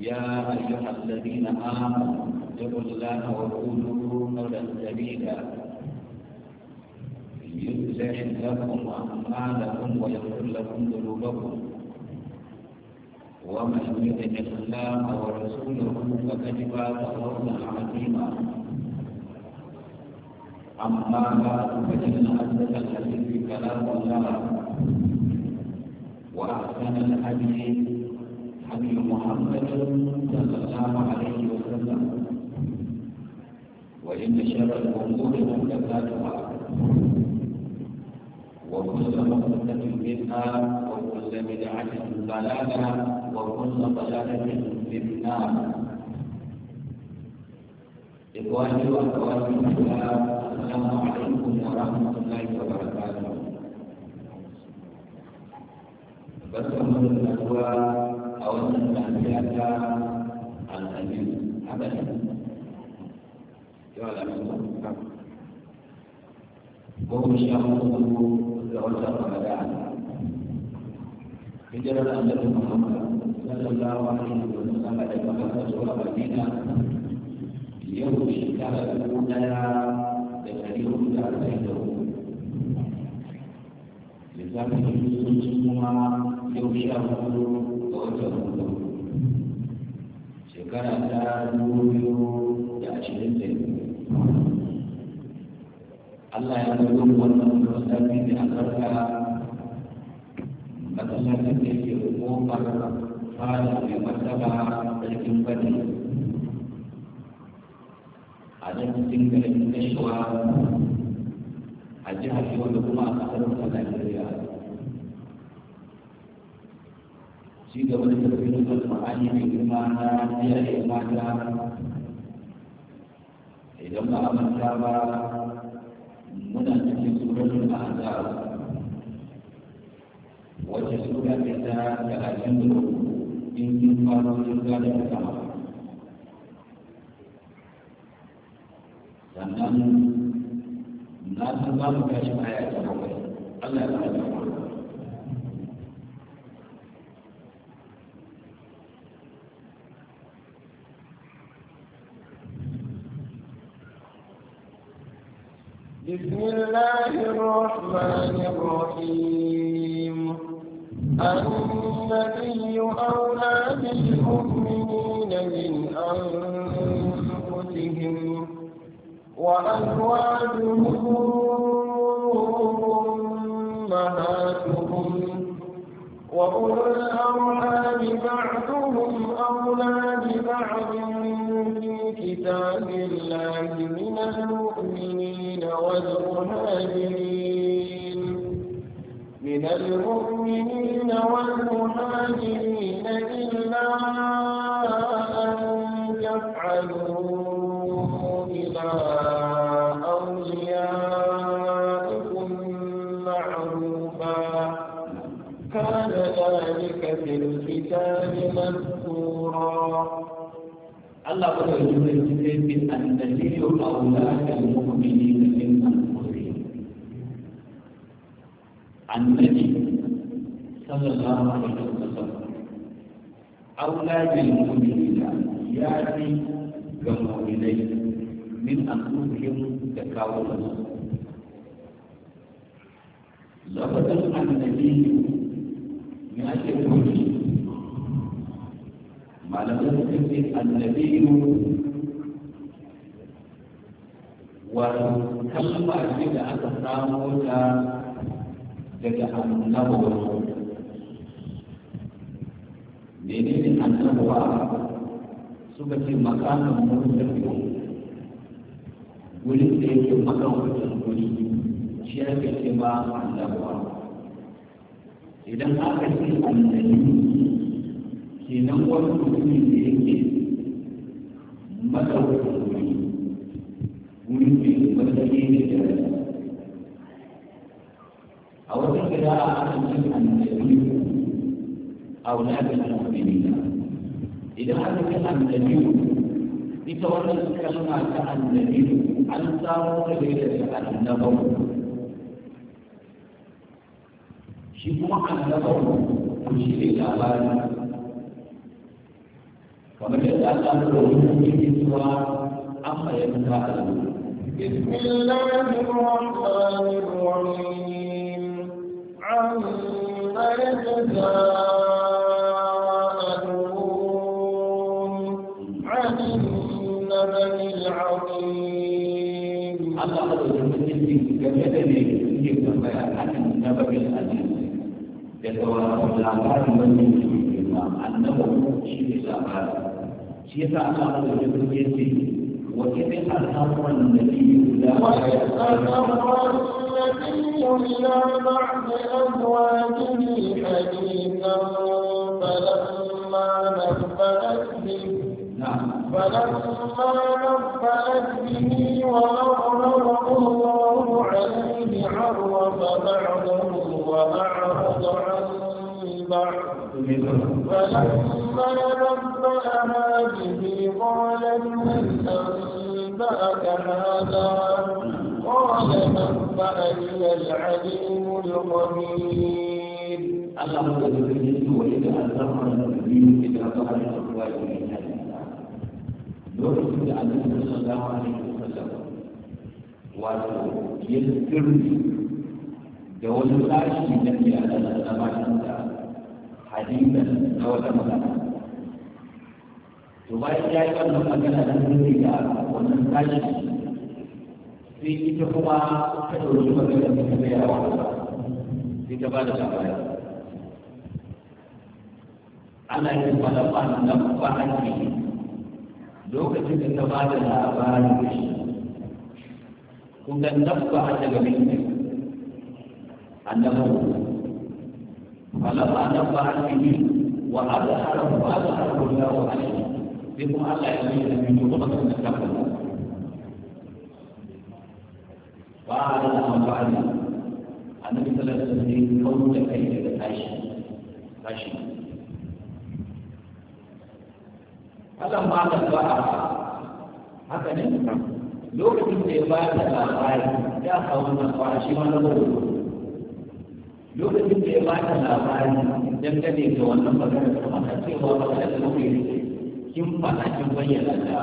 يا أيها الذين آمنوا اتقوا الله وقولوا قولا سديدا يصلح لكم أعمالكم ويغفر لكم ذنوبكم ومن يطع الله ورسوله فقد فاز فوزا عظيما أما بعد فإن أصدق الحديث كلام الله وأحسن الحديث النبي محمد صلى الله عليه وسلم وإن شر الأمور محدثاتها وكل محدثة بدعة وكل بدعة ضلالة وكل ضلالة في النار إخواني وأخواتي السلام عليكم ورحمة الله وبركاته. Bertemu dengan dua أو أن تنبهك عن أمين أبدا يعلم وهو شهره العشر رمضان هجرة أن محمد صلى الله عليه وسلم خرجوا إلى مكة والمدينة يوم الشهر الأولى تقريبا أربعين لذلك يوم الجمعة يوم شهر ga hudu shekara ta dubu da ashirin da biyu Allah ya zo wannan masallaci da albarka masallacin da yake kofar fara mai martaba sarkin bane a nan cikin garin kashewa a jihar yau da kuma a ƙasar Najeriya sehingga mereka berkata maknanya di mana dia di mana dia mahamad kama menanjuti surah al-Azhar wajah surah kita tak ada yang dulu ingin malam juga dan sama dan nam nam nam kasih ayat Allah Allah Allah بسم الله الرحمن الرحيم النبي أولى بالمؤمنين من أنفسهم وأزواجه أمهاتهم وأولو الأرحام بعضهم أولى ببعض في كتاب الله من المؤمنين والمهاجرين إلا أن تفعلوا إلى أوليائكم معروفا الكتاب مذكورا الله قد يجب يجب أن أن النبي أولى المؤمنين من عن النبي صلى الله عليه وسلم أولاد المؤمنين يأتي كالمؤمنين من أنفسهم تكاولا لفظ النبي من أجل الوجه ما لم يكن النبي وكلمة إذا أتسامو daga annabawa mene ne annabawa suka ce makanan murtafiyo wurin da yake makan wajen guri shi ake ce ma annabawa idan aka ce annabi kenan wani mutumi da yake madaukakin wuri wuri mai matsayi ne da rana a wata kira a asalin annabi a wani mu'minina idan aka ce annabi ita wannan kalma ta annabi an samu daga annabawa Semua anda tahu Kucing jalan Kalau dia Tuhan Apa yang kita tahu Bismillahirrahmanirrahim Amin Allah itu menjadi kebenaran yang berbahaya dan yang berbahaya يتوارث العباد من يمشي فيهما أنه شيء العباد شيء أعمال الجبرية وكيف أمر النبي لا إلى بعض أزواجه حديثا فلما نبأت به فلما نبأت به وأظهره الله عليه عرف بعضه وأعرض عن بعض فلما نبأها به قال من أنبأك هذا قال نبأني العليم الخبير الله وإذا أسرنا النبي إذا قال الأقوال من lokacin da annabi sallallahu alaihi wasallam da wani sashi na iyalan da gabatar da hadisan na wata magana to bayan ya yi wannan magana da zai ga wannan sashi sai ita kuma ta ɗauki magana da ta gaya wa sai ta ba da labari Allah ya fada ba na ba ake lokacin da ta ba da labarin shi kun ga ba a daga mai annabawa falaba annabawa an kini wa abu haram wa abu haram ko yawo a shi bi kuma Allah ya yi da min yi kuma sun da kafin ba a da kuma ba ne annabi sallallahu alaihi wa sallam da kai daga tashi tashi Allah ma da ba a haka ne lokacin da ya bayar da labari ya hau na kwashi wani lokacin lokacin da ya ba ta labari dangane da wannan magana da mata cewa ba ta da kuke kin fada kin bayyana da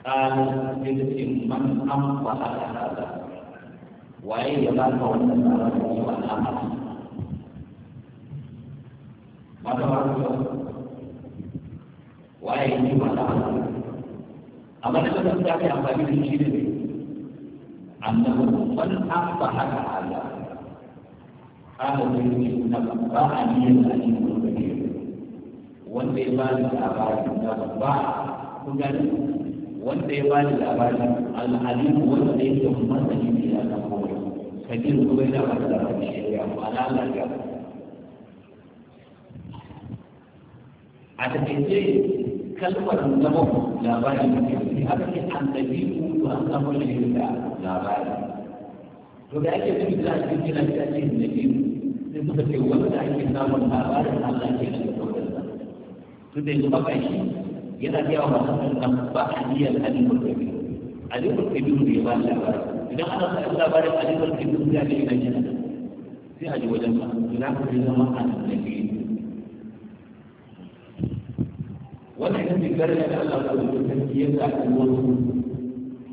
kan jinsin man an fada da kaza waye ya ba ka wannan labari cewa na haka ba ta ba ta waye ne ba ta haka amma da kasance ta kai amfani da shi ne annabi man an fada da kaza yi قال سيدي نقطع نية أن يكون wanda ya bani labarin da ba ku gani wanda ya bani labarin al'alimu wanda ya ke masani ne ya san kowai da kuma yana bada labarin shari'a ba na lafiya a takaice kalmar zama labarin da ke haka ke an tabi ku an samu shari'a labarin to da ake cikin da ake cikin da ake cikin da ake da da yana da da wannan da Allah wasu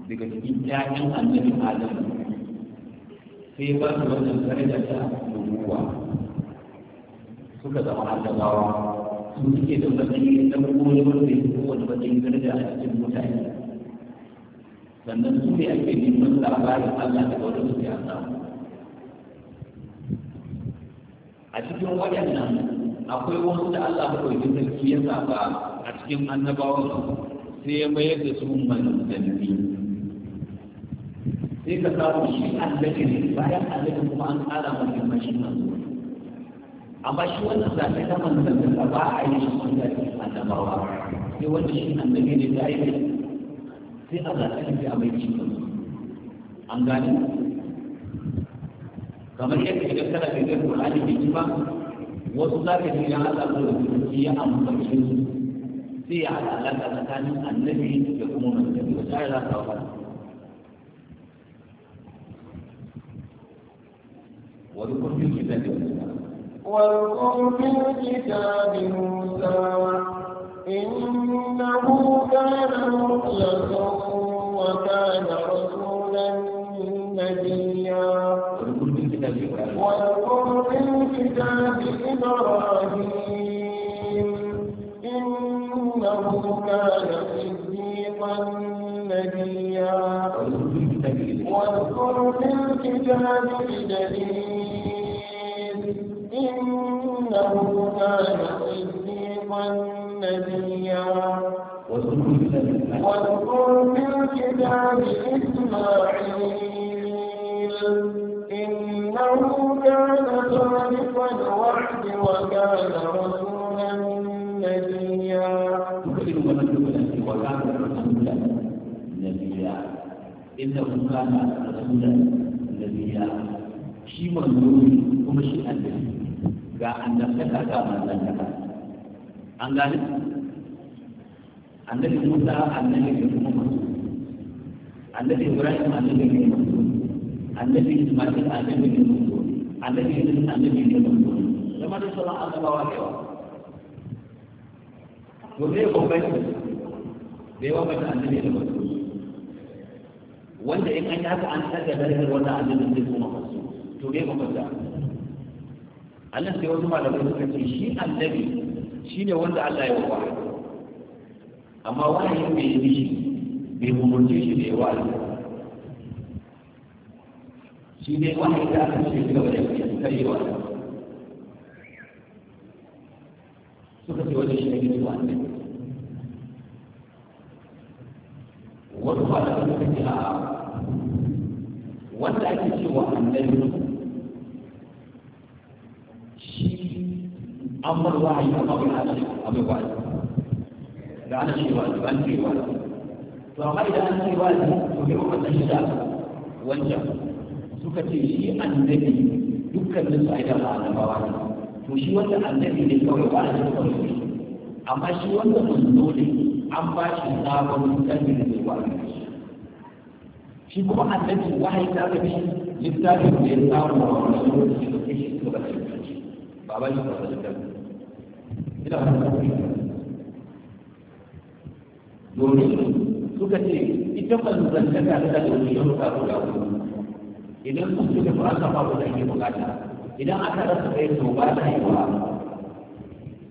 daga cikin ƴaƴan annabi sai ba su wannan da ta nubuwa suka zama annabawa su suke da matsayi da kowane wanda yi fi wani matsayin daraja a cikin mutane sannan su ne ake neman labarin Allah daga wani su ya samu a cikin waɗannan akwai wasu da Allah maɗaukin sarki ya saba a cikin annabawan sai ya mayar da su manzanni sai ka samu shi annabi ne bayan annabi kuma an tsara masa mashi manzo amma shi wannan zaɓe ta manzon da ba a yi shi wanda ke annabawa sai wanda shi annabi ne da yake sai a zaɓe shi a mai ci an gane kamar yadda idan kana da irin Qur'ani da kima wasu za ka ya an haɗa da su ya amfani su sai ya haɗa alaƙa tsakanin annabi da kuma manzon da ya za ka fara واذكر في الكتاب موسى واذكر في الكتاب موسى إنه كان مخلصا وكان رسولا نبيا واذكر في الكتاب إبراهيم إنه كان صديقا نبيا واذكر في الكتاب واذكر في الكتاب إسماعيل إنه كان صادق الوعد وكان رسولا نبيا إنه كان رسولا نبيا shi manzoni ومشي shi annabi ga annabtaka ga manzantaka an gane annabi musa annabi ne kuma masu annabi ibrahim annabi ne masu annabi ismail annabi ne masu annabi yusuf annabi ne masu zama da sauran annabawa da yawa to ne bambanci da yawa ba ta annabi ne masu wanda in an yi haka an tsaga darajar wannan annabi ne kuma masu to ne bambanci Allah sai wasu malamai suka ce shi annabi shine wanda Allah ya wahayi amma wahayin bai yi shi bai umarce shi da yawa ne shi ne wani da aka ce shi gaba da yawa ne suka ce wani shi ne mutuwa ne wani kwana da suka ce a wanda ake cewa annabi shi an bar wahayi amma bai a abin wahayi da ana cewa da an cewa to amma idan an ce to ne kuma san wancan suka ce shi annabi ne to shi wanda annabi ne kawai ba amma shi wanda manzo ne an ba shi sabon kalmi da zai wani shi kuma annabi wahayi ta ga shi littafin da ya samu a wani da shi ba da shi ba ba shi ba shi ina ba shi domin suka ce ita manzantaka ta da wani yanka guda hudu idan sun suka fi aka faru da ake bukata idan aka rasa kai to ba ta yi ba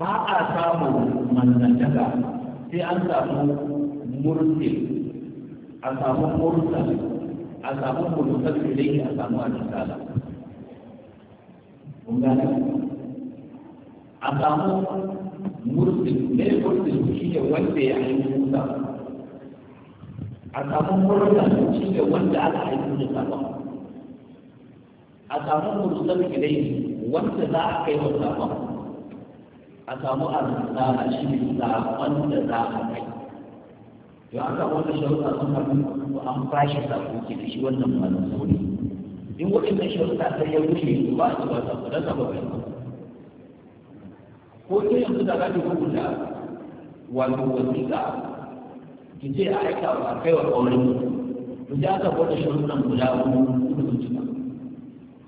ba a samun manzantaka sai an samu mursil a samu mursal a samu mursal ilai a samu alisala kun gane a samu mursin ne mursin shi ne wanda ya haihu da a samu mursin shi ne wanda aka haihu da sabon a samu mursin gidai wanda za a kai wa sabon a samu arzana shi ne sabon wanda za a kai to an samu wanda sharuɗa sun haɗu an bashi ke da shi wannan manzo ne in waɗannan wuce ba su ba ko ke yanzu da zaki rubuta wato wasiƙa ki ce a aika a kai wa ƙaurin mutum ki aka gwada shirunan guda uku wani zuciya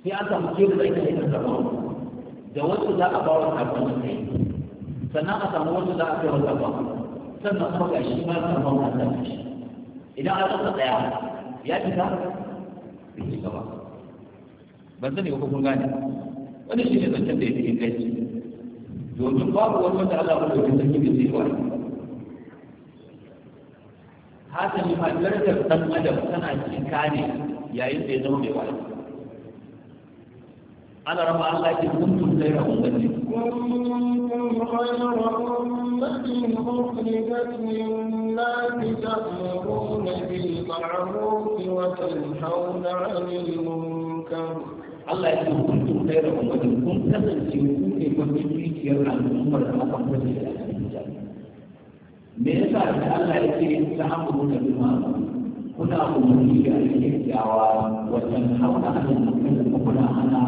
sai an samu kebul da ake yin sabon da wasu za a ba wa sabon da kai sannan a samu wasu za a kai wa sabon sannan kuma ga shi ma sabon a sabon shi idan an rasa ɗaya ya fita bai ci gaba ban sani ba kun gane wani shi ne zancen da ya fi inganci domin babu wani wanda Allah ba da wani sarki da zai wani hasali ma darajar dan adam tana cika ne yayin da ya zama mai wani ana rama Allah ya ce kuntum khayra ummatin Allah ya ce kuntum khayra ummatin kun kasance ku ne mafi dukiyar al'ummar da aka kwace da me yasa da Allah ya ce ta hamu da bima kuna umarni da kyakkyawa wajen hauna hannun mutum da kuna hana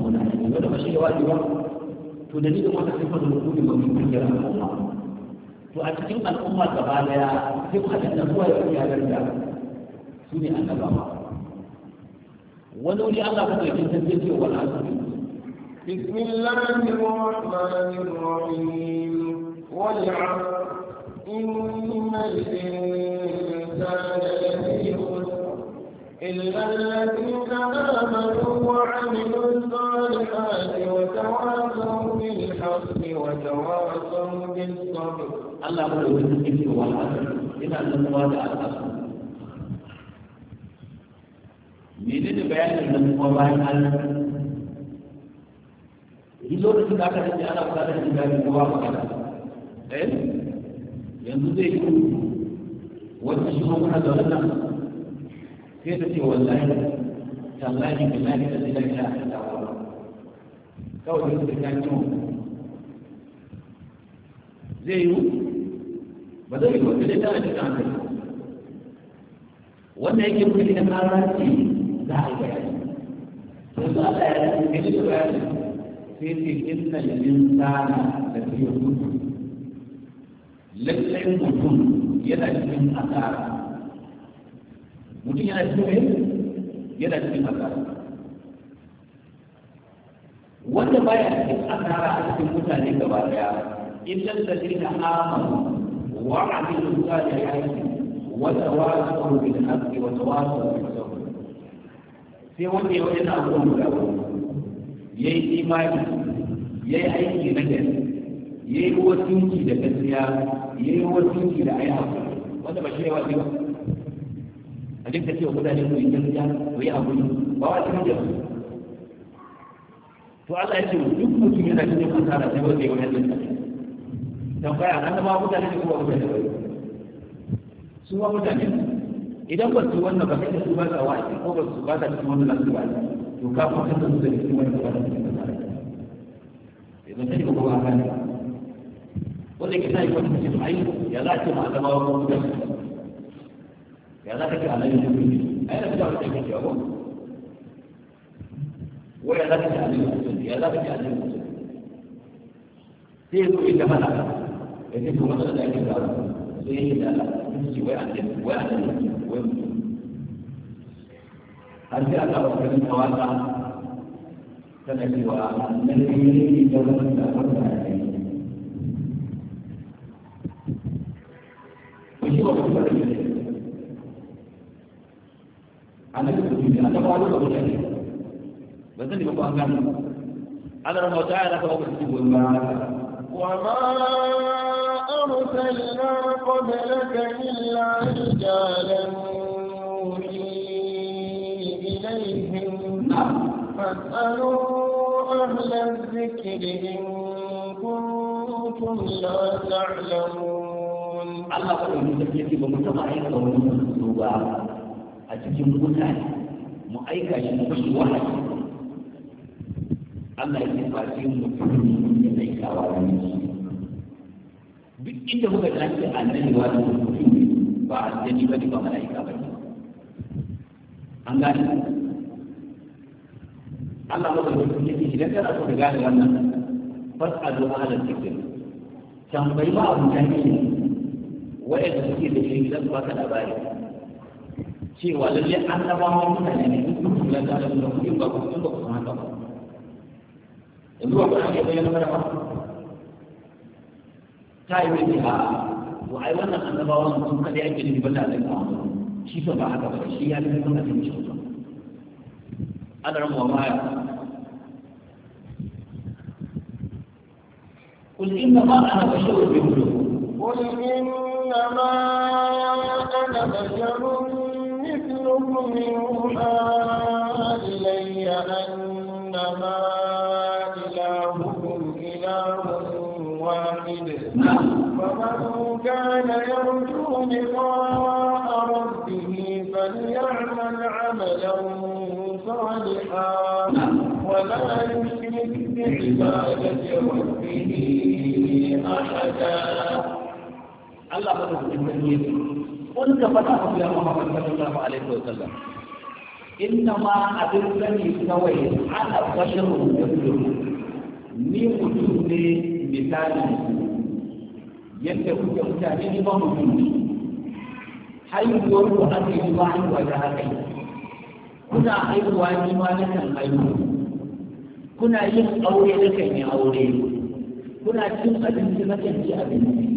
muna yi wanda ba shi da wajiba to da ni da wata sifar da mutum da mutum ya al'umma to a cikin al'umma gaba daya sai ku hadin da zuwa ya kuma yarda su ne annabawa wani wuri Allah kuma ya kintar da cewa al'asuri بسم الله الرحمن الرحيم والعصر إن الإنسان لفي خسر إلا الذين آمنوا وعملوا الصالحات وتواصوا بالحق وتواصوا بالصبر الله هو الذي والعصر إلى أن نتواضع الأصل menene bayanin da kuma bayan Allah duk lokacin da aka dace ana bukatar imani ko ba magana eh yanzu zai yi wata shi kuma na zaune nan sai ta ce wallahi tallahi billahi da zai lafiya a kan tawa kawai da ta kan ciwon zai yi ba zai yi wata da ta cikin hankali wannan yake kuma da kara ce za a yi bayani yanzu Allah ya yi da bayani sai ce inna insana da fi hudu lallai mutum yana cikin asara mutum yana cikin yana cikin asara wanda baya cikin asara a cikin mutane gaba daya idan da dina amanu wa amilu salihati wa tawasaw bil haqqi wa tawasaw bis sabr sai wanda ya wani abu da ya yi imani ya yi aiki na gari ya yi wasunci da gaskiya ya yi wasunci da ayi wanda ba shi ne a duk da cewa mutane su yi gaskiya su yi haƙuri ba wa cikin jami'a to Allah ya ce duk mutum yana cikin asara sai wanda ya wani lantarki tambaya an zama mutane ne kuma mutane ne su ma mutane idan ba su wannan ba kai su ba sa wa'azi ko ba su ba sa cikin wannan ba to ka fa kasan da cikin wani da wani da zai idan kai ba kuma kan wanda ke sai ko cikin ai ya za ta malama wa kuma ya za ka ci alai da kuma ai da ta ta ke yawo wa ya za ka ci alai da ya za ka ci alai sai ko ita mana ya ce kuma da ake da sai ya da shi wai an wai an wai har sai aka ba garin tawata tana cewa nan ne ne da wannan da wanda ya yi ku shi ba ku fara ne annabi ku ji annabi wani ba ku ne ba zan ba ku an gano Allah rahmatu ta'ala ka ba ku ci gona wa ma أرسلنا قبلك إلا رجالا فاسألوا أهل الذكر إن كنتم لا تعلمون الله قد يجب a يكون عليك ونسلوبا أتكلم مكان مؤيكا ينبش واحد Allah ya faɗi mutum da zai kawo wani duk inda kuka tashi annabi wa da mutum ba aljani ba ne ba mala'ika ba an gane Allah maka mutum yake idan kana so ka gane wannan fasadu ahlan zikr tambayi ma abu jami'i wa'anda suke da shi idan ba ka labari cewa lalle annabawa mutane ne in kun kula da Allah da kun ba ku kun ba ku san haka ba yanzu ba ka ga bayanan mara ba ta yi mai ha wa ai wannan annabawan sun kada yake da banda da shi ba haka ba shi ya ga mun da shi ba هذا عمر mamaya قل إنما أنا بشر مثلكم قل إنما أنا بشر مثلكم يوحى إلي أنما إلهكم إله واحد نعم. فمن كان يرجو لقاء ربه فليعمل عملا صالحا ولا يشرك بعبادة ربه أحدا الله مدد قل كفتاه يا محمد صلى الله عليه وسلم إنما أدلني سوي على بشر مثلكم ni mutum ne misali yadda kuke mutane ni ba mutum ne haihuwar ku ake ba haihuwa ta haka kuna haihuwa ni ma na kan haihu kuna yin aure na kan yi aure kuna cin abinci na kan ci abinci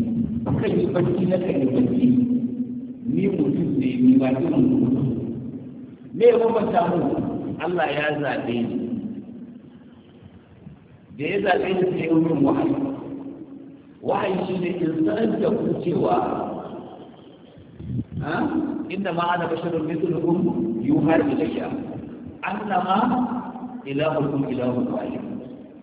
kan yi barci na kan yi barci ni mutum ne ni ba ni mutum me ya ta mu Allah ya zaɓe ni da ya zaɓe ni sai yi min wahayi wahayi shi ne in san da ku cewa ah, inda ma ana bashirin mutum يوهر إليه أنما إلهكم إله واحد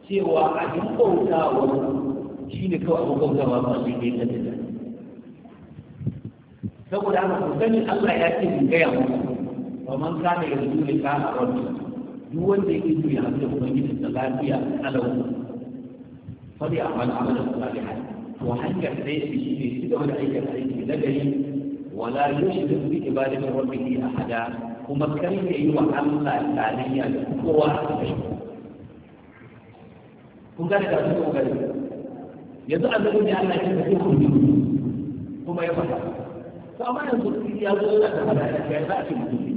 سوى أن قوتا وشينك أبو قوتا وفاسدين لدينا فقد أنا قلتني الله يأتي من قيام ومن كان يرجو لك أنا ربي يوان ديكي في عمل أبنين السلام فيها على أبنين فلي أعمل عمل الصالحة وحنك حديث بشيء سدع العيك الحديث لدي ولا يشرك بإبادة ربه أحدا kuma kar ka yi wa Allah tarayya da kowa a kai kun gane da su kokari yanzu annabi ne Allah ya tafi kun kuma ya faɗa to amma yanzu ya zo da da ya za a ce mutum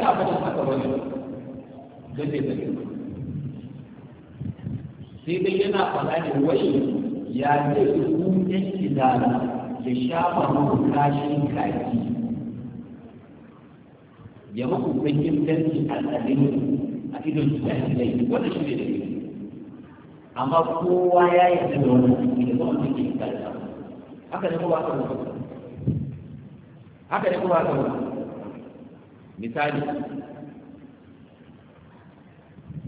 yana haka bai zai sai dai yana faɗa ne wai ya ce ku ya shafa muku kashin ya muku a tsarin a idon wanda shi ne da ke amma kowa ya yarda da da kuma wanda ke haka ne kuma haka ne kuma misali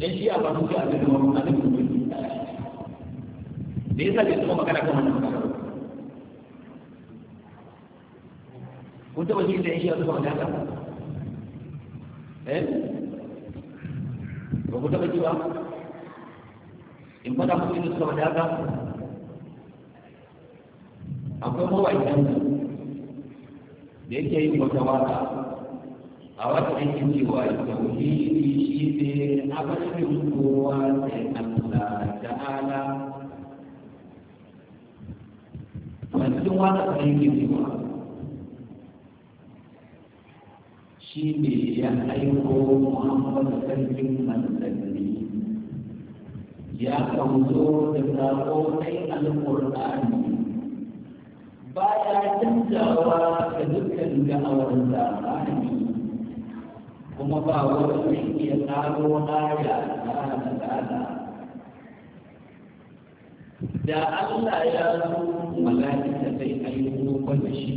ɗan shi a ba su ji abin da wani abin da wani da yasa ke kuma magana kan wani magana kun taɓa jin da yan shi a suka magana eh ba ku taɓa ji ba in faɗa kuɗi inda suka magana akwai mawa idan da yake yin wata wata a wata aikin cewa tauhidi shi ne a abin kowa sai Allah ta'ala wannan wata aikin cewa shi ne ya aiko Muhammadu sarkin manzanni ya kauzo da sako kai alƙur'ani ba ya canjawa da dukkan da'awar zamani kuma ba wanda mai iya tsaro aya na ranar ta'ala da Allah ya zo mala'ika zai aiko da shi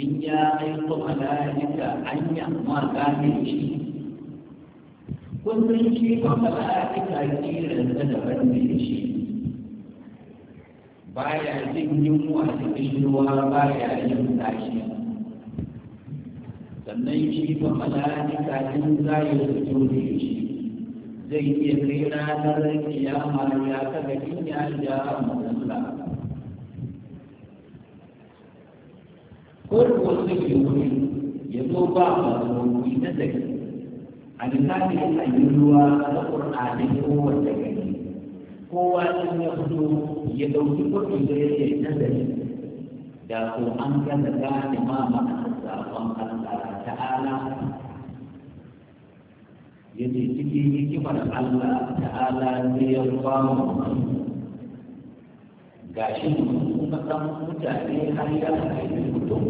in ya aiko mala'ika an yi amma gane shi kullum shi ba mala'ika kiran da daban ne shi baya jin yunwa da kishirwa baya yin tashi sannan shi ba mala'ika in za ya fito da shi zai iya kai ranar kiyama ya kaga in ya ja musalla ko da wasu ke wuri ya zo ba mazobi na zaki a misali a yi ruwa na ƙur'anin kowace gari kowa in ya fito ya ɗauki kuɗi da ya ce nazari da ko an gaza gane ma ma'anar sabon Allah ta'ala ya ce cikin hikimar Allah ta'ala ne ya kwamu ga shi kuma san mutane har ya haifi mutum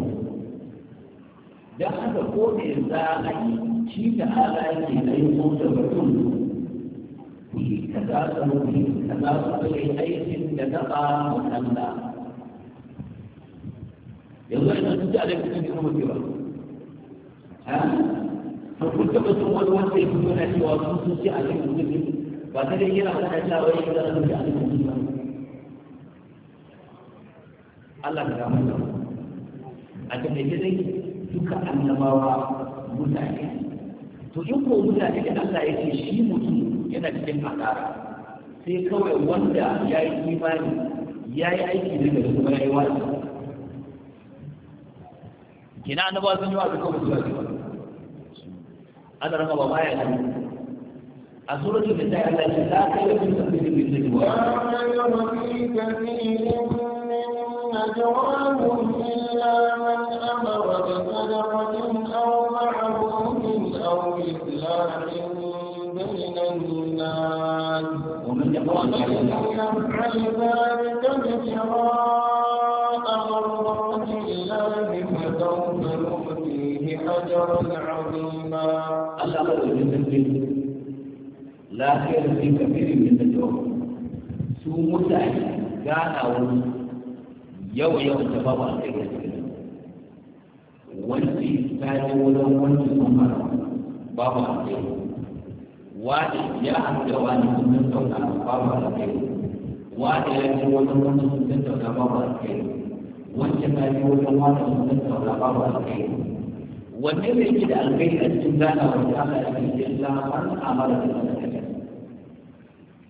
don haka ko me za a yi shi da ala ke aiko da mutum kaza su za su yi aikin da ba wa Allah yanzu ina sun ci alaƙa kan girma ba, ha kun taɓa sun wani wanda ya fito na cewa sun sun ci alaƙa kan girma ba ta dai yana faɗa cewa ya zara sun ci alaƙa kan girma Allah ka gama da a taƙaice dai duka annabawa mutane to in ko mutane da Allah ya ce shi mutum yana cikin asara sai kawai wanda ya yi imani ya yi aiki daga kuma ya yi wa'azi kina annabawa sun yi wa'azi ko ba su yi ana rama ba baya nan a suratul nisa Allah ya la ta yakun tasbihu bil najwa wa la yuhika نجواهم إلا من أمر بصدقة أو معروف أو إصلاح بين الناس ومن يفعل ذلك ابتغاء مرضات أجرا عظيما الله قد يسجل لا خير في كثير من الدعوة su mutane ganawar yau yau da ba ba kai ta yi wajen wani kamar ba ba kai wani ya hanga wani sun tattauna ba ba kai wani ya yi wani sun tattauna ba ba wani ta yi wani sun tattauna ba ba kai wanne ne yake da alkai a cikin gana wanda aka yi cikin lafan amara da sadaka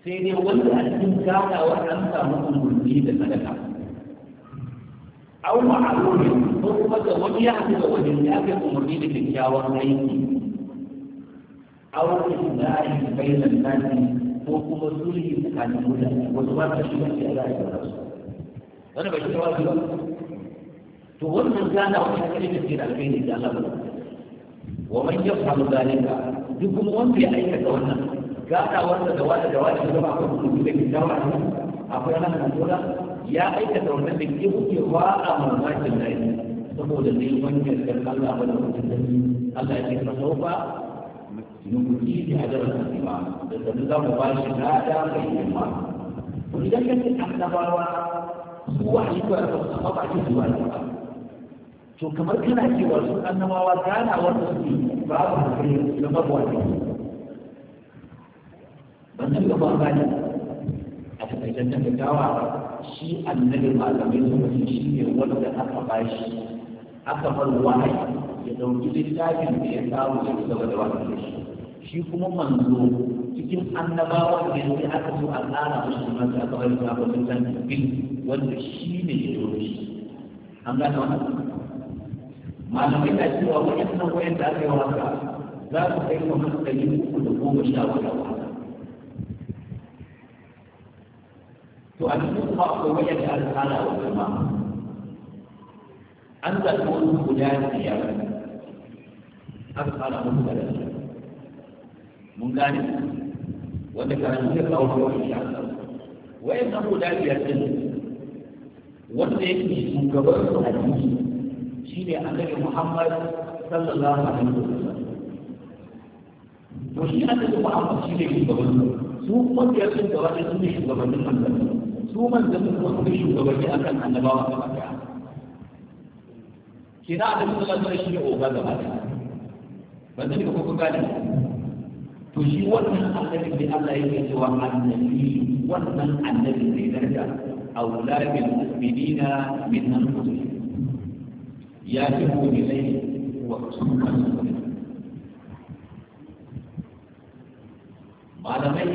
sai dai wanda a cikin gana wanda an samu umarni da sadaka au ma'aruri ko kuma ga wani ya haɗu da wani ya aka umarni da kyakkyawan aiki au islahi bainan nasi ko kuma sulhi tsakanin mutane wasu ba ta shi ba ke da rayuwar su wani ba shi ta wajibi to wannan gana wata kare da da alkhairi da Allah ba wa man yafhamu zalika duk kuma wanda ya aikata wannan Ga gana wanda da wanda da wanda da ba ku duk da kitawa akwai ranar dole ya aikata wannan da ke buke wa a mamakin da yi saboda ne wannan da Allah ba da mutum da Allah ya ce fa nukuti da hadarar kasima da sanu za mu ba shi nada mai yamma to idan ka ce annabawa su wahayi ko a ba ba ke zuwa da ba to kamar kana cewa su annabawa gana wata su ba a hankali na babuwa ne ban san gaba ba ne a takaicen da gawa shi annabi malamai suka ce shi ne wanda aka bashi aka bar wahayi ya dauki littafin da ya samu shi gaba da wani shi kuma manzo cikin annabawa da ya aka so a tsara musu da aka bar littafin da wanda shi ne ya dauki an gane wannan malamai na cewa waɗannan wayan da aka yi wasa za su kai kamar ɗari uku da goma sha wata to a cikin kuma akwai wayan da aka tsara wa jama'a an zaɓi wani guda biyar aka tsara wani guda mun gane wanda karatu ya kawo kawai sha wayan nan guda biyar ɗin wanda yake shugaban su a jiki ne shine annabi Muhammad sallallahu alaihi wasallam to shi annabi Muhammad ne shugaban su kungiyar sun gaba da su ne shugabannin manzanni su manzanni kuma su ne shugabanni kan annabawa gaba daya kina annabi sallallahu alaihi shi shine oga gaba daya ban da ko kun gane to shi wannan annabi da Allah yake cewa annabi wannan annabi ne daraja أولاد المؤمنين من أنفسهم يجب إليه وسنة malamai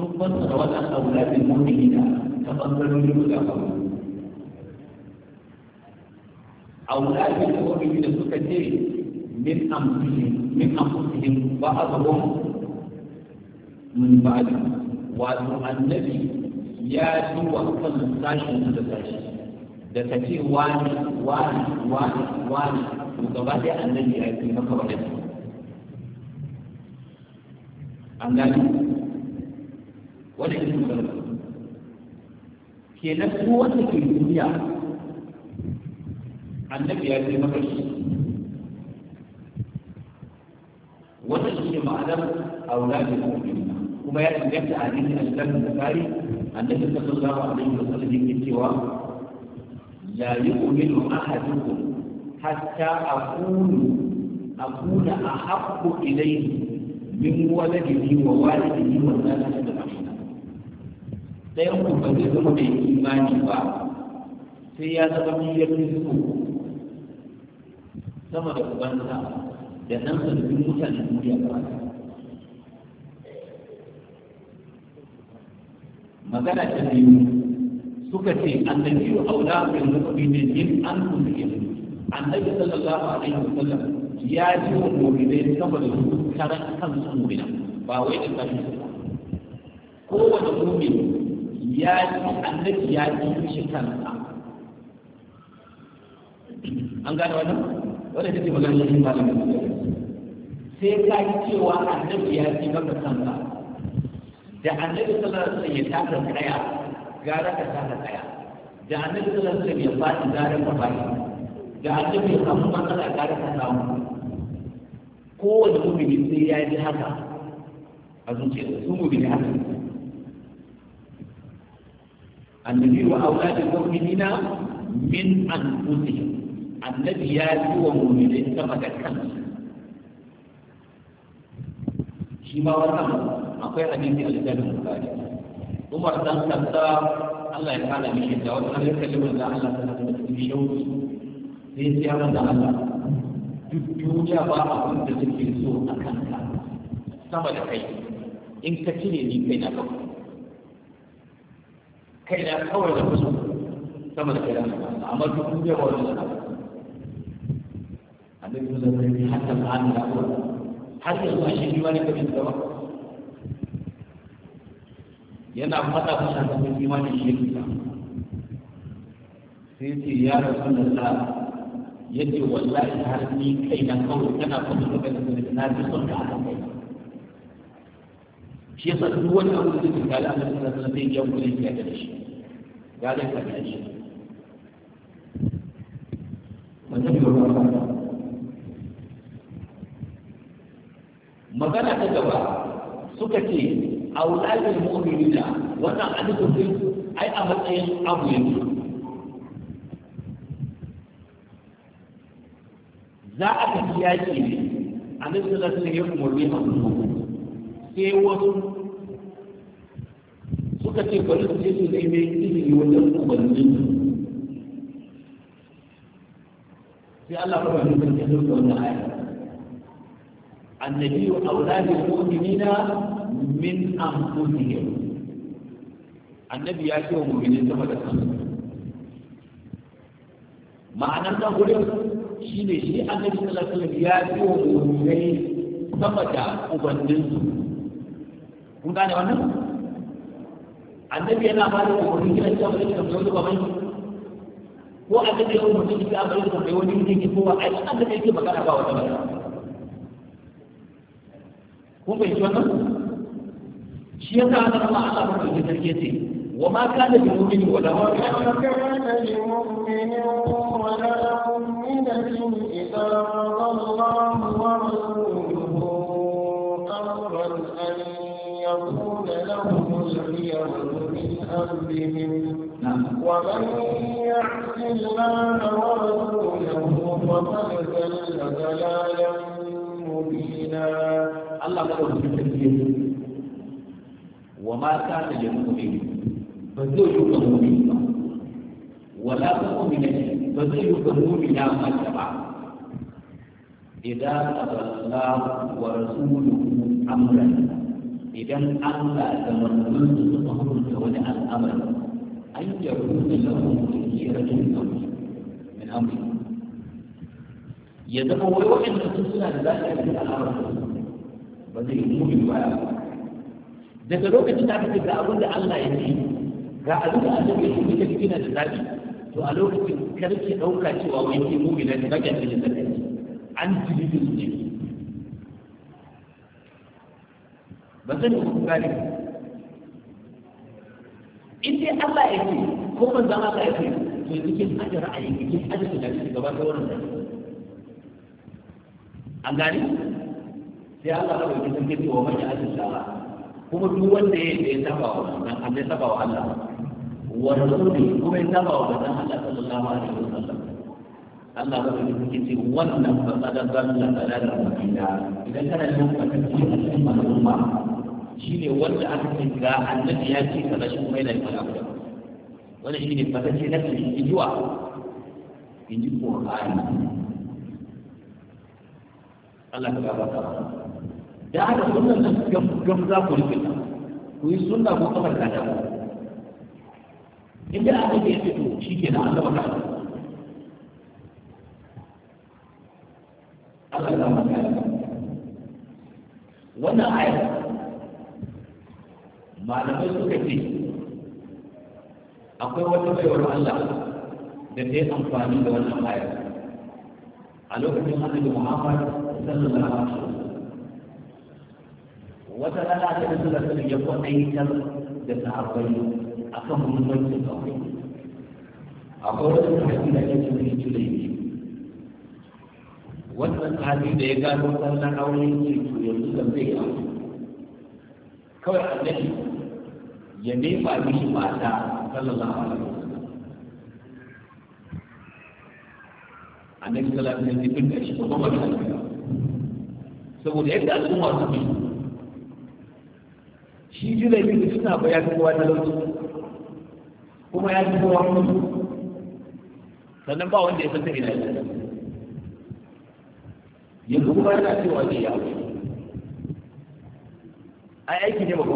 sun fassara wannan auladin mu'minina ta bangarori guda kawo auladin mu'minina suka ce min amfihim min amfihim ba a gaban min ba wato annabi ya duwa kan sashen da sashen da ka ce wani wani wani wani to gaba ɗaya annabi ya yi maka wannan an gani wannan ilimin Ke na ko wanda ke duniya annabi ya yi maka shi wannan shi ne ma'anar auladin mu'minina kuma ya ta inganta a cikin al-Bukhari annabi sallallahu alaihi wasallam yake cewa la yu'minu ahadukum hatta akunu akuna ahabbu ilayhi min waladihi wa walidihi wa da ajma'in sai ku ba da zama mai imani ba sai ya zama niyyar rizku sama da ubansa da nan sa duk mutanen duniya ba magana ta biyu suka ce annabi wa aula bil mu'minin min anfusihim annabi sallallahu alaihi wa sallam ya ji wa mu'minai saboda su karan kansu mu'mina ba wai da kansu ba kowane mu'min ya ji annabi ya ji shi sa. an gane wannan wanda take magana shi malamin sai ka yi cewa annabi ya ji maka kansa da annabi sallallahu alaihi wa sallam ya taka kaya gara ka tsaya tsaya da annabi sallallahu alaihi wasallam ya faɗi gara ka faɗi da annabi ya samu matsala gara ka samu kowane mumini sai ya ji haka a zuciya su mumini haka annabi wa auladul mu'minina min anfusihim annabi ya ji wa mu'minai sama da kansu shi ma wannan akwai hadisi a littafin bukari umar dan kanta Allah ya kana mishi da wata hannun da Allah ta hannun da kuma shauki zai siya da Allah duk duniya ba abin da suke so a kanka sama da kai in ka cire ni kai na kawai kai na kawai da kusa sama da kai na kawai amma duk duniya ba wani sana annabi musa sai hatta ma'ana da kawai har yanzu a shi ne wani kabin zama yana fada masa da mun imani shi sai ce ya rasulullah yace wallahi har ni kai na kawai kana kuma da kai na ji son ka haka kai shi yasa duk wani abu da take kala Allah ta sanar da yau ne ya da shi ga da ka da shi wannan magana ta gaba suka ce aulatul mu'minina wannan alifin din ai a matsayin abu yanzu za a tafi yaƙi ne a nan da yi a suka ce bari su je su zai izini wajen umarni sai Allah ba shi kan yadda wannan aya annabi wa auladul mu'minina min anfusihim annabi ya ce wa mu'minin sama da kansu ma'anar nan gudun shi ne shi annabi sallallahu ya ce wa mu'minai sama da ubanninsu kun gane wannan annabi yana ba da umarni kina cewa wani kan zo da baban ko a kace yau mutum ki abin da kai wani yake ki a ai annabi da yake magana ba wata magana kun bai wannan شيء هذا الله على من ذريته وما كان لمؤمن ولا وما كان لمؤمن ولا مؤمنة إذا الله ورسوله أمرا أن يكون لهم الخيار من أمرهم نعم. ومن يعص الله ورسوله فقد ضل ضلالا مبينا الله قال في وما كان لمؤمن فزوج مؤمن ولا مؤمنة فزوج مؤمنة ما تبع إذا قضى الله ورسوله أمرا إذا أملا تمرون تطهر الأمر أن يكون له كثيرة من أمره يدعو ويوحي الرسول صلى الله عليه وسلم ba zai daga lokacin da aka ce ga abin da Allah ya ce ga abin da Allah ya ce kake kina da zabi to a lokacin karki dauka cewa wai ke mu'mina ne kake cikin da kake an tilbi ne ba zan ku gane in dai Allah ya ce ko manzon Allah ya ce to cikin hada ra'ayi cikin hada da shi gaba da wannan an gane sai Allah ya ce wa mai ya'ti Allah kuma duk wanda ya yi saba wa manzon Allah ya saba wa Allah wa rasuli kuma ya saba wa manzon Allah sallallahu alaihi wasallam Allah ba zai cikin ce wannan ba da zalla tsada da idan kana yin haka cikin kuma shine wanda aka ce ga annabi ya ce kaza shi kuma yana yin haka wannan shine fatacce na cikin ijuwa in ji Qur'ani Allah ka ba ka da aka sunan su gam za ku rike ku yi sunna ko kafar ta inda aka ke fito shi ke na Allah ka Allah ya maka wannan ayat malamai suka ce akwai wata bayar Allah da ta yi amfani da wannan ayat a lokacin annabi Muhammad sallallahu alaihi wasallam wata rana ta suna ya kwaɗaitar da a kan muhimmancin akwai wata da ya ne wannan da ya gano sannan aure ne to yanzu zai kawai annabi ya nema mishi mata sallallahu alaihi wasallam annabi sallallahu alaihi wasallam ya saboda yadda al'umma su bi shi jula biyu da suna ba ya fi kowa talauci kuma ya fi kowa mutu sannan ba wanda ya san ta ina ya yanzu kuma yana cewa zai ya wuce ai aiki ne ko,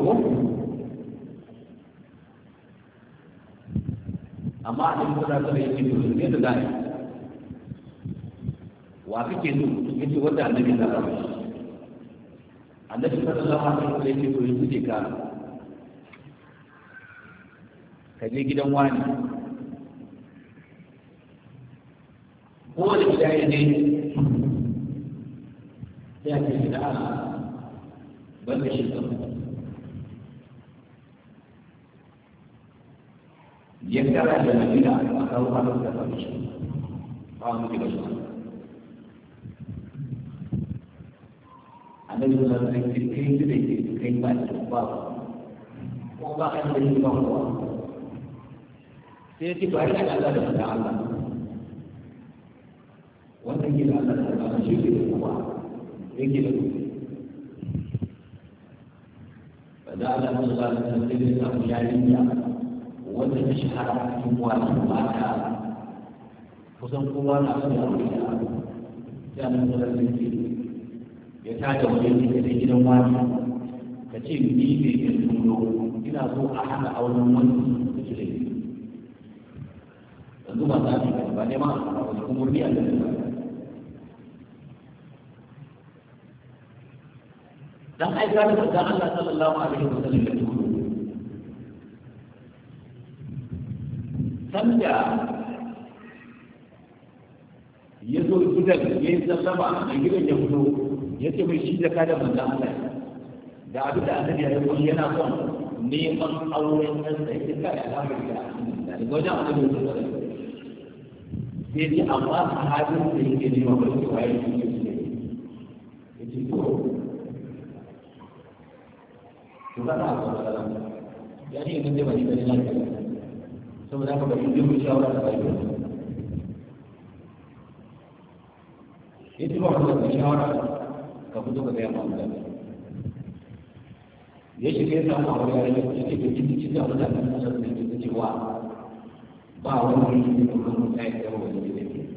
amma a cikin kusa sana yake to ne da zai wa kake so yake wanda annabi na rabu anda juga telah hampir boleh diperhentikan. Jadi kita muan. Buat kita ini. Saya akan kita alam. Bagi syukur. Dia tidak ada yang tidak. Kalau kita tidak bisa. Kalau kita bisa. النبي صلى الله عليه وسلم كيف يدرك كيف يعرف والله الذي يفرق سيجب على الله تعالى وتجد على الله تعالى شيء الله يجب فجعل النبي صلى الله عليه وسلم له جارية وتتشهر أموال ماتها وتنقض على أموالها كان من الذين ya tada wajen da ta gidan wani ka ce ni ne ke tuno ina so a hana auren wani da ke laifi yanzu ba za ka ba ne ma a wani kuma ni a lalata dan ai gane da Allah sallallahu alaihi wasallam ya tuno sanda ya zo gidan ya yi sallama a gidan ya fito ya ce mai shi da kada manzan Allah da abin da annabi ya yi yana son neman auren nan da yake kada alhamdulillah da wajen annabi ya zo sai ji amma sahabin da yake neman ba shi waye shi ne ne ya ce to to kada a zo da ya yanzu da ba shi da yana da saboda haka ba shi da mu shawara da ba yace ba ku da shawara ka fito ka gaya ma'amala ya shiga ya samu abu ya rage ya ce bai kiti cikin abu da aka da ke cewa ba wani yi ne kuma mun kai da wani ne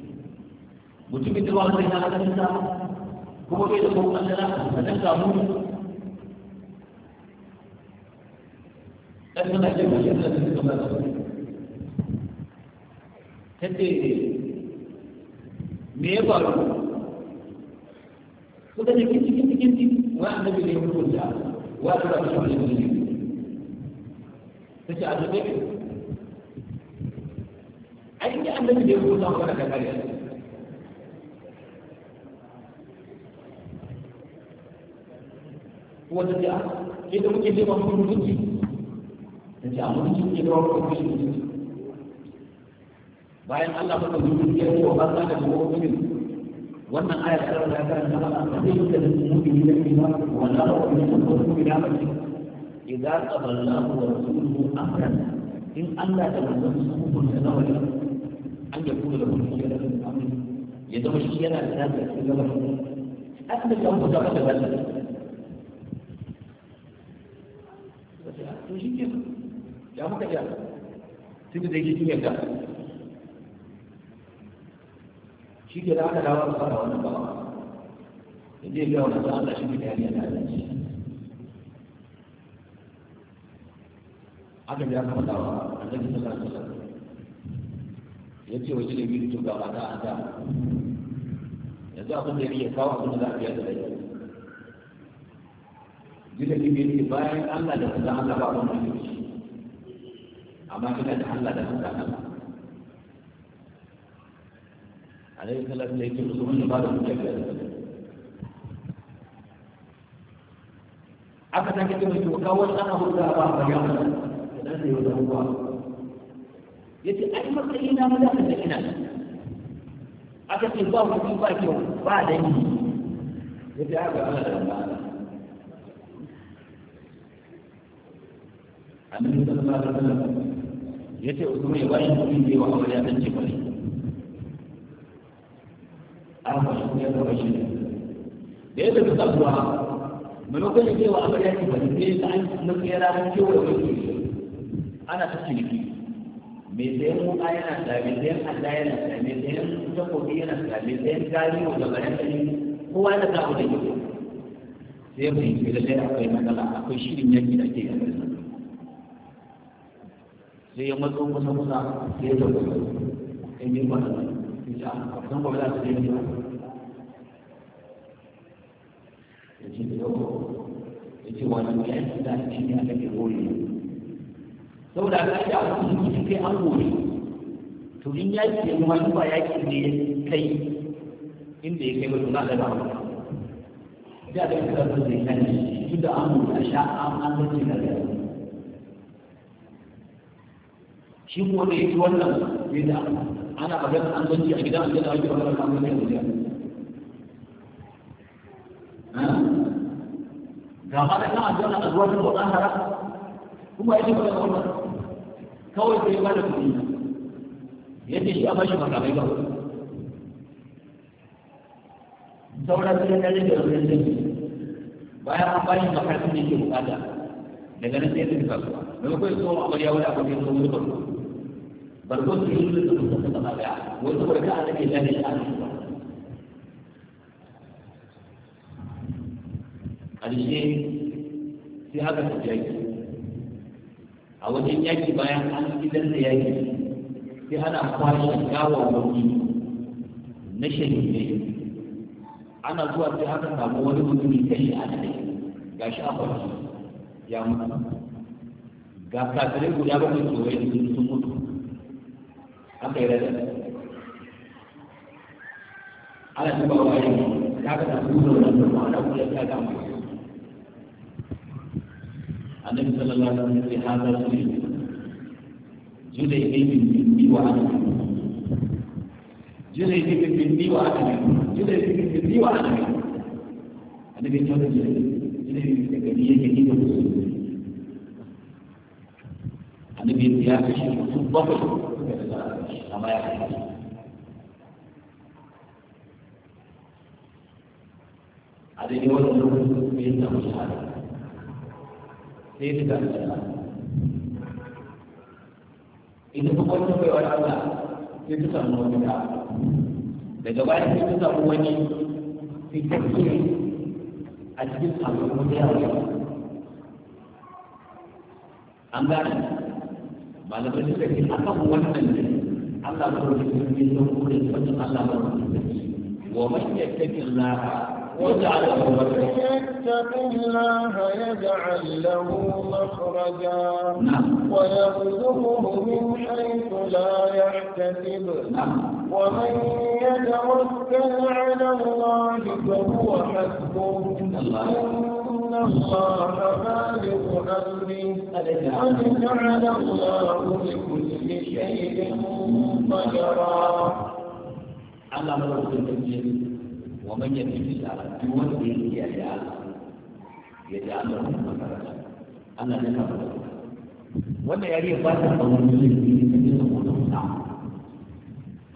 mutumin da ba wani ya rage ta kuma bai da kuma kasara a nan ga mu dan suna ce ba da su kuma da ta ce me ya faru وتجي كنت كنت كنت واحد من يقول لا واحد من يقول لا تجي عبد بكر أي أن من يقول لا ولا كفاية هو تجي عبد إذا كنت مفهوم كنت تجي عبد كنت يقول هناك ولا كفاية بعدين الله قد يقول لك يا أخي وبعدين wannan aya ta da ta da zai yi da mutum da kuma wala wani mutum da kuma idza qaballahu wa rasuluhu amran in Allah da manzon su kun da nawa ne an ya kula da mutum da amri ya zama shi yana da zaka cikin gaba an da kan kuka da balla to shi ke ya muka ja tunda da yake cikin gaba shi ke da aka dawo da fara wannan ba inda ya wani za Allah shi ne kariya da alaji aka biya kama dawa a zai sallar sallar ya ce wa jilimi biyu tuka ba ta an da yanzu abin da ya kawo abin da za a biya da rai biyu ne bayan Allah da kusa Allah ba wani amma kina da Allah da kusa Allah عليه الثلاث ليس من غالب الجبل عقد أن يتم يتوكل أنا هو ذا بابا يعلم الذي هو ذا بابا يتأكمل قينا مدافع لنا عقد أن يتوكل أنا هو ذا بابا يعلم بعد أن يتعب على الأمان أن يتم يتوكل أنا هو ذا بابا يعلم يتأكمل قينا مدافع لنا haka su ya zama shi da yadda ta tabuwa maimakon da cewa abin yaki ba ne sai an makera mun kewa da wani ana ta ciniki mai sayan Muka yana da mai adda yana da mai sayan takobi yana da mai sayan gari da bayan gari kowa yana samu da yau sai ya fahimci da sai akwai matsala akwai shirin yaki da ke yanzu sai ya matso kusa kusa sai ya zaɓa in yi matsala sai ya a kan ba za su yi da yau ya wani ya yi da shi ne aka ke gori saboda ka yi a kuma shi kai an gori to in ya yi da wani ya ne kai inda ya kai ba tuna da ba da da ka zo da kan shi an gori a sha an an zace da ya shi kuma wannan yadda ana magana an zanci a gidan an gina ake magana kan a yadda ga faɗin na aljanna a zuwa da hara kuma ya ce ba da wannan kawai sai ba da kuɗi ya shi a bashi makamai ba sauran sai ya rage da wurin jini bayan an bashi makarfi ne ke bukata daga nan sai ya tafi kasuwa daga kawai tsohon amarya wani abu ne tsohon wani barko barko su yi wani tsohon tsohon tsohon tsohon tsohon tsohon tsohon tsohon tsohon tsohon tsohon tsohon ƙarshe sai aka tafi yaki a wajen yaki bayan an gidan da yaki sai ana kwashe gawawwaki na shahidai ana zuwa sai aka samu wani mutumin kashi a ɗaya ga shi a kwashe ya mutu ga kafirai guda bakwai tsoron sun mutu aka yi rada ana tuba wa yi ta ka tafi da wani mutum ana kula ta gama Anak sallallahu alaihi wasallam di hadar sini. Judai ini binti wa anak. Judai ini binti wa anak. Judai ini binti wa anak. Anak ini cakap jadi Judai ini cakap dia ke dia tu. Anak ini dia sih sumpah tu. Nama yang ada. Ada yang orang tu minta musyawarah. sai shiga aljanna idan Allah da daga baya sai ta samu wani fitafke Allah da Allah da واجعل يتق الله يجعل له مخرجا ويرزقه من حيث لا يحتسب ومن يتوكل على الله فهو حسبه إن الله خالق أمره قد جعل الله لكل شيء قدرا على مرة الجميل wa man yafi Allah duk wanda yake ya ji Allah ya ji Allah ne makarata Allah ne ka fada wannan yariyar ba ta da wani ya yi ta cikin wannan sa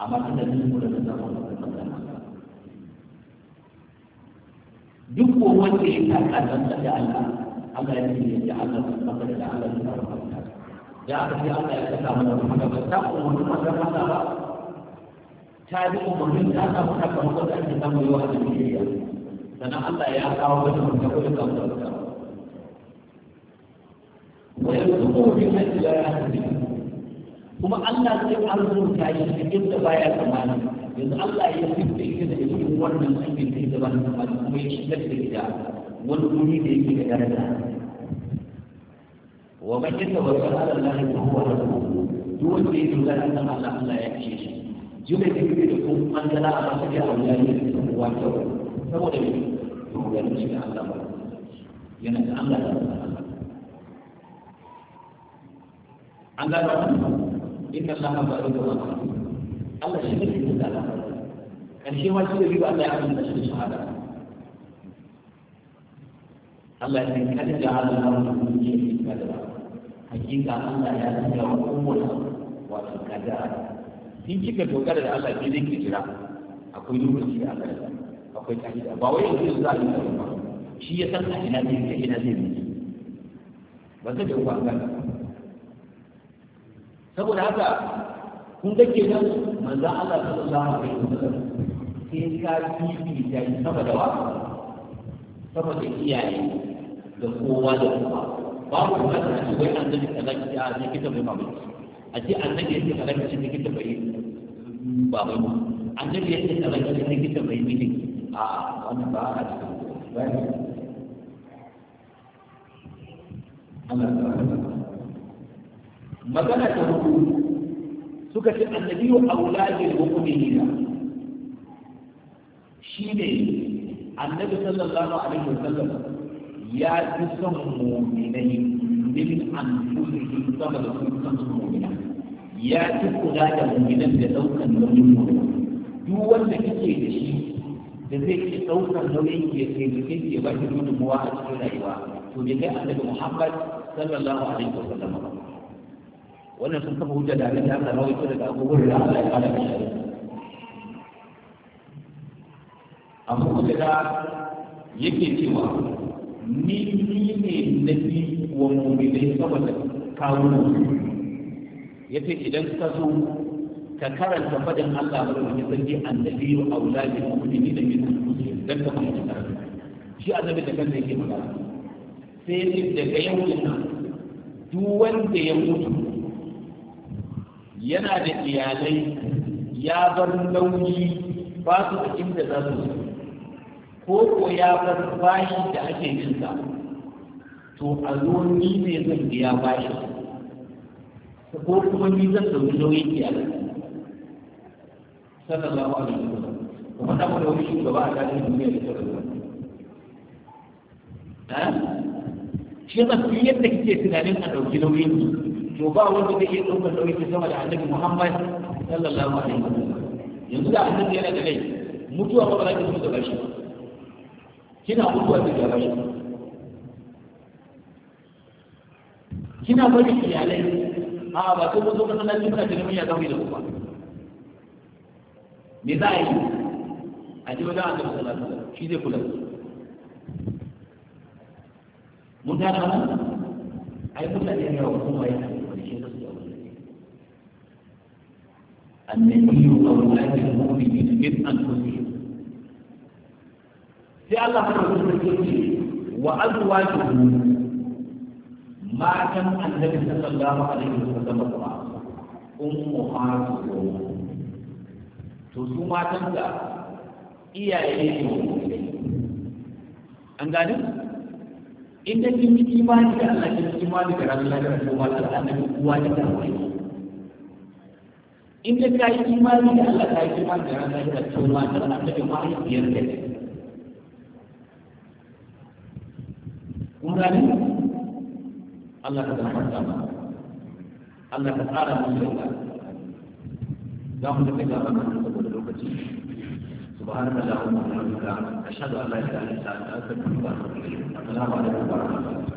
amma tana cikin wannan da zama da magana duk ko wanda ya taka zanta da Allah Allah ya ce ya ji Allah ne makarata Allah ne ka fada da aka ce Allah ya saka mana wani magana ta ko wani magana ba ta bi umarnin ta samu haka ko da ake samu yawa a Najeriya sannan Allah ya kawo wani mutum ko da kawo da wa yarzuqu bi haythu la yahtasib kuma Allah zai arzuta shi cikin da baya tsammani yanzu Allah ya fitta shi da cikin wannan cikin da yake bani tsammani kuma ya shigar da gida wani wuri da yake da daraja wa man yatawakkal ala Allah fa huwa hasbuh duk wanda ya dogara ga Allah Allah ya ishe shi jumla da kike da kuma an dala a masu da abu yayin da kuma wato saboda ne to ga shi da Allah ba yana da Allah da Allah an ga inna Allah ba da Allah Allah shi ne da Allah karshe ma shi da riba Allah ya amince shi shahada Allah ya san kada da Allah na mutum ne da hakika Allah ya san da kowa wato kadara in kika dogara da Allah ke zai jira akwai lokaci da Allah akwai ka'ida ba wai yanzu za a yi ba shi ya san a ina zai kai ina zai mutu ba zai da uwa kan saboda haka kun ga kenan manzon Allah a alaihi wasallam sai ka fifi da sama da wa sama da iyaye da kowa da kowa ku ba da shi wai an zai kaza ki a ah, ne kita bai mamaki a ce an zai ki kaza ki zai kita bai babu annabi ya ce tsara ga likita mai mini a wannan ba a cikin bayani Allah ta magana ta hudu suka ce annabi wa auladin hukumina shi ne annabi sallallahu alaihi wasallam ya fi son mu'minai min an kulli sama da sun san ya fi kula da muminan da ɗaukan nauyin mu duk wanda kike da shi da zai ke ɗaukar nauyin ke kai ke ba shi gudunmuwa a cikin rayuwa to bai kai annabi muhammad sallallahu alaihi wa sallam ba wannan sun kafa hujja da abin da aka rawaito daga abubuwan da Allah ya fara amma kuma da yake cewa ni ni ne nabi wa mu'minai saboda kawo Ya ce idan ka zo ka karanta fadin Allah mai sarki annabi wa auladi ni da min al-muslim dan ka ta karanta, shi annabi da kansa yake magana sai yace daga yau ina duk wanda ya mutu yana da iyalai ya bar nauyi ba su da inda za su ko ko ya bar bashi da ake sa to a zo ni ne zan biya bashi ko kuma ni zan dauki nauyin iyalai sallallahu alaihi wasallam kuma da mu da wani shugaba a cikin duniya da ta eh? shi yasa duk yadda kike tunanin a ɗauki nauyin ki to ba wanda zai iya ɗaukar nauyin ki sama da annabi Muhammad sallallahu alaihi wasallam yanzu da annabi yana da rai mutuwa ba za ta zo da bashi kina mutuwa da gaba shi kina bari iyalai a ba ko mun zo masallaci muna tunanin ya zaune da kuma me za a yi a ji wajen annabi sallallahu alaihi wasallam shi zai kula mun ta kana ai kuma da wa ulul mu'minin min anfusihim sai Allah ya rubuta ce matan annabi sallallahu alaihi wasallam kuma ummu hasu to su matan da iyaye ne an gani inda kin yi imani da Allah kin yi imani da Allah da kuma da annabi uwa da kai inda ka yi da Allah ka yi imani da Allah da kuma da annabi mahaifiyar ka ne Allah ka zamanta ba Allah ka tsara mu da Allah za mu tafi da wannan saboda lokaci subhanaka allahumma wa bihamdika ashhadu an la ilaha illa anta astaghfiruka wa atubu ilaik assalamu alaikum wa rahmatullahi